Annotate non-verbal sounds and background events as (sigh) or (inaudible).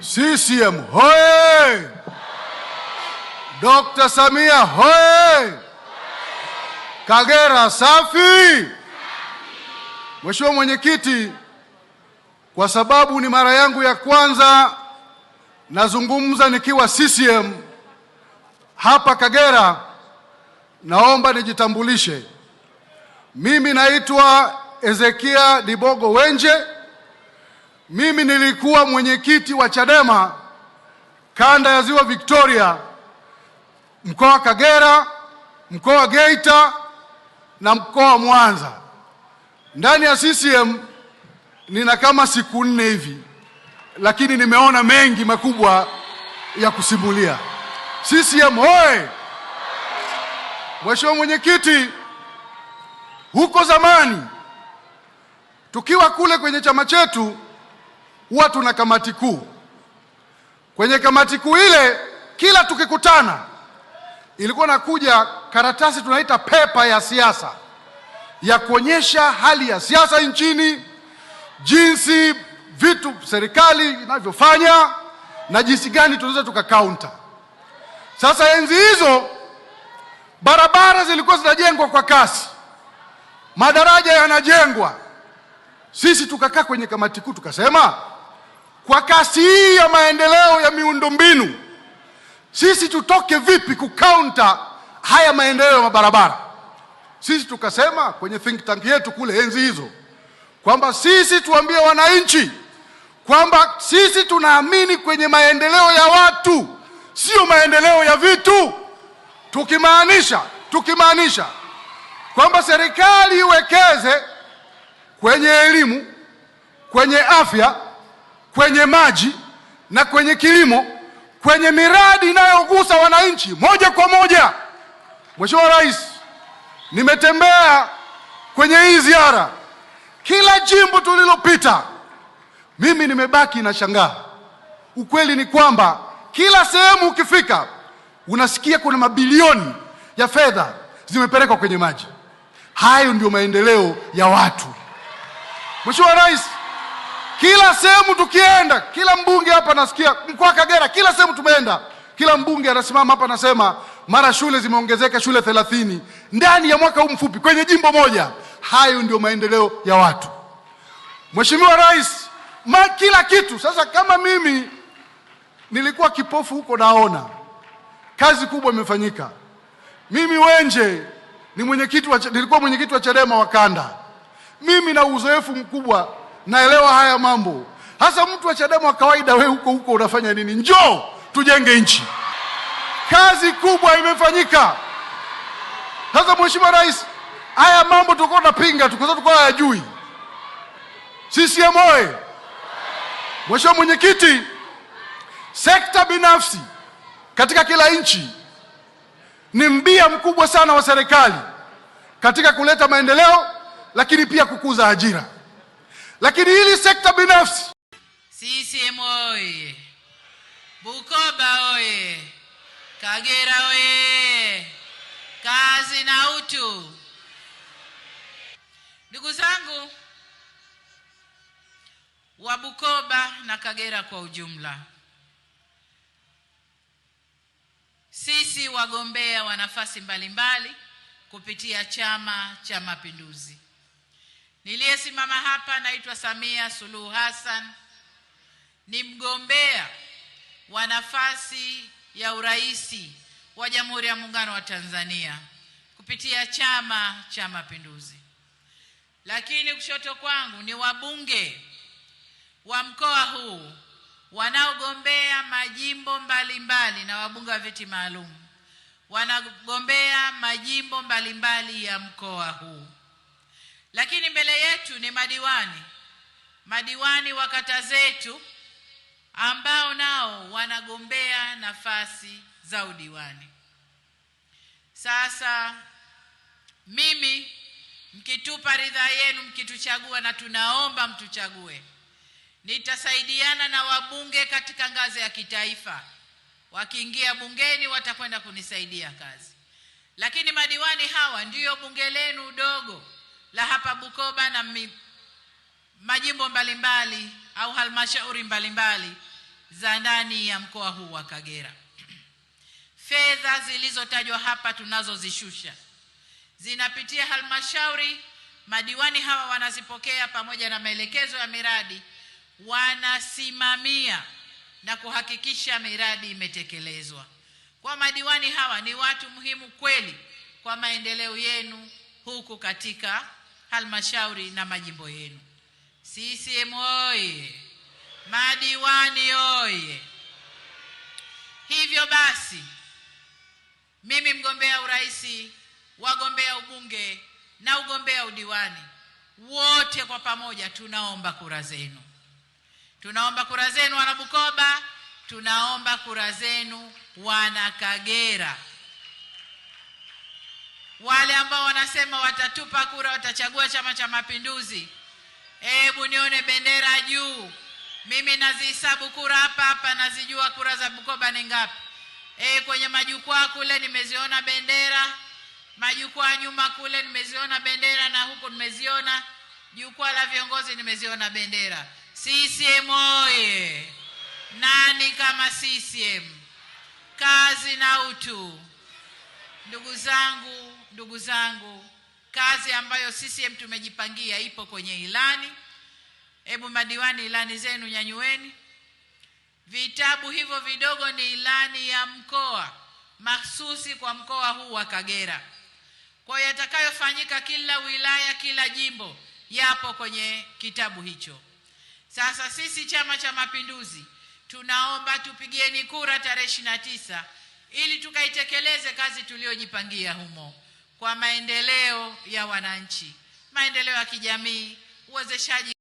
CCM hoye! Dr. Samia hoye! Kagera safi! Mheshimiwa Mwenyekiti, kwa sababu ni mara yangu ya kwanza nazungumza nikiwa CCM hapa Kagera, naomba nijitambulishe. Mimi naitwa Ezekia Dibogo Wenje mimi nilikuwa mwenyekiti wa Chadema kanda ya Ziwa Victoria, mkoa wa Kagera, mkoa wa Geita na mkoa wa Mwanza. Ndani ya CCM nina kama siku nne hivi, lakini nimeona mengi makubwa ya kusimulia. CCM hoye! Mheshimiwa Mwenyekiti, huko zamani tukiwa kule kwenye chama chetu huwa tuna kamati kuu. Kwenye kamati kuu ile, kila tukikutana, ilikuwa nakuja karatasi tunaita pepa ya siasa ya kuonyesha hali ya siasa nchini, jinsi vitu serikali inavyofanya na jinsi gani tunaweza tukakaunta. Sasa enzi hizo barabara zilikuwa zinajengwa kwa kasi, madaraja yanajengwa. Sisi tukakaa kwenye kamati kuu tukasema kwa kasi hii ya maendeleo ya miundombinu, sisi tutoke vipi kukaunta haya maendeleo ya mabarabara? Sisi tukasema kwenye think tank yetu kule enzi hizo kwamba sisi tuambie wananchi kwamba sisi tunaamini kwenye maendeleo ya watu, sio maendeleo ya vitu, tukimaanisha tukimaanisha kwamba serikali iwekeze kwenye elimu, kwenye afya kwenye maji na kwenye kilimo, kwenye miradi inayogusa wananchi moja kwa moja. Mheshimiwa Rais, nimetembea kwenye hii ziara, kila jimbo tulilopita, mimi nimebaki na shangaa. Ukweli ni kwamba kila sehemu ukifika, unasikia kuna mabilioni ya fedha zimepelekwa kwenye maji. Hayo ndio maendeleo ya watu. Mheshimiwa Rais, kila sehemu tukienda, kila mbunge hapa nasikia, mkoa Kagera, kila sehemu tumeenda, kila mbunge anasimama hapa anasema mara shule zimeongezeka shule thelathini ndani ya mwaka huu mfupi kwenye jimbo moja. Hayo ndio maendeleo ya watu, Mheshimiwa Rais, ma kila kitu. Sasa kama mimi nilikuwa kipofu huko, naona kazi kubwa imefanyika. Mimi Wenje ni mwenyekiti wa, nilikuwa mwenyekiti wa Chadema wa kanda, mimi na uzoefu mkubwa naelewa haya mambo. Hasa mtu wa Chadema wa kawaida, we huko huko unafanya nini? Njoo tujenge nchi. Kazi kubwa imefanyika. Sasa Mheshimiwa Rais, haya mambo tulikuwa tunapinga, tulikuwa tulikuwa hayajui. CCM oye! Mheshimiwa Mwenyekiti, sekta binafsi katika kila nchi ni mbia mkubwa sana wa serikali katika kuleta maendeleo, lakini pia kukuza ajira lakini hili sekta binafsi. CCM oye! Bukoba oye! Kagera oye! Kazi na utu. Ndugu zangu wa Bukoba na Kagera kwa ujumla, sisi wagombea wa nafasi mbalimbali kupitia Chama cha Mapinduzi Niliyesimama hapa naitwa Samia Suluhu Hassan, ni mgombea wa nafasi ya uraisi wa Jamhuri ya Muungano wa Tanzania kupitia Chama cha Mapinduzi. Lakini kushoto kwangu ni wabunge wa mkoa huu wanaogombea majimbo mbalimbali mbali, na wabunge wa viti maalum wanagombea majimbo mbalimbali mbali ya mkoa huu. Lakini mbele yetu ni madiwani, madiwani wa kata zetu ambao nao wanagombea nafasi za udiwani. Sasa mimi mkitupa ridhaa yenu, mkituchagua, na tunaomba mtuchague, nitasaidiana na wabunge katika ngazi ya kitaifa. Wakiingia bungeni, watakwenda kunisaidia kazi, lakini madiwani hawa ndiyo bunge lenu dogo la hapa Bukoba na mi, majimbo mbalimbali mbali, au halmashauri mbalimbali za ndani ya mkoa huu wa Kagera. (clears throat) Fedha zilizotajwa hapa tunazozishusha zinapitia halmashauri, madiwani hawa wanazipokea pamoja na maelekezo ya miradi, wanasimamia na kuhakikisha miradi imetekelezwa. Kwa madiwani hawa ni watu muhimu kweli kwa maendeleo yenu huku katika halmashauri na majimbo yenu. CCM oye! Madiwani oye! Hivyo basi, mimi mgombea urais, wagombea ubunge na ugombea udiwani wote kwa pamoja tunaomba kura zenu, tunaomba kura zenu wana Bukoba, tunaomba kura zenu wana Kagera. Wale ambao wanasema watatupa kura, watachagua Chama cha Mapinduzi, hebu nione bendera juu. Mimi nazihesabu kura hapa hapa, nazijua kura za Bukoba ni ngapi. E, kwenye majukwaa kule nimeziona bendera, majukwaa nyuma kule nimeziona bendera, na huku nimeziona jukwaa la viongozi nimeziona bendera. CCM oye! Nani kama CCM? Kazi na utu. Ndugu zangu, ndugu zangu, kazi ambayo CCM tumejipangia ipo kwenye ilani. Hebu madiwani, ilani zenu nyanyueni. Vitabu hivyo vidogo ni ilani ya mkoa mahsusi kwa mkoa huu wa Kagera. Kwa hiyo yatakayofanyika kila wilaya, kila jimbo yapo kwenye kitabu hicho. Sasa sisi Chama cha Mapinduzi tunaomba tupigeni kura tarehe ishirini na tisa ili tukaitekeleze kazi tuliyojipangia humo kwa maendeleo ya wananchi, maendeleo ya kijamii, uwezeshaji